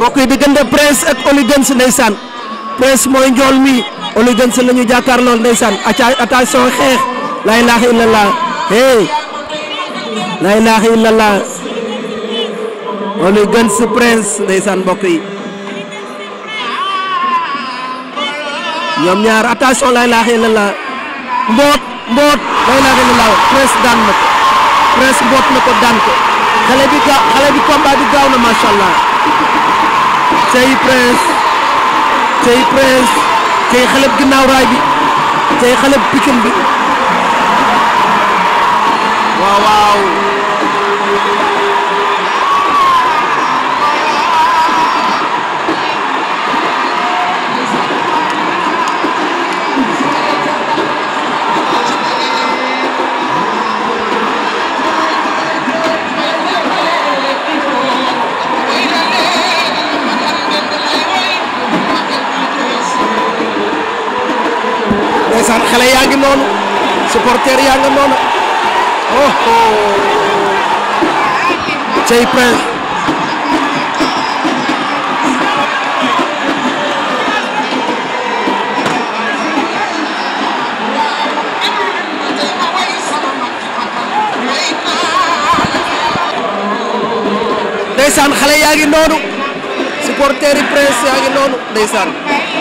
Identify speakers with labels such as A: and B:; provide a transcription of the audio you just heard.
A: mbokk yi diggante Prince ak Holly Guns ndeysaan Prince mooy njool mi Holly Guns la ñu jàkkaar lool xeex la ilaha illallah hey la ilaha illallah Holly Prince ndeysaan mbokk yi ñoom ñaar attention lay ilaha illallah mboot mboot la ilaha illallah Prince daan na
B: Prince mboot na ko daan ko xale bi gaaw xale bi combat bi gaaw na macha cey Prince cey Prince cey xaleb ginnaaw raay bi cey xaleb pikin bi waaw
C: waaw
D: ndeysaan xale yaa ngi noonu supporter yaa nga noonu oh oh
B: cey prince
C: ndeysaan xale yaa ngi noonu supporter yi prince yaa ngi noonu ndeysaan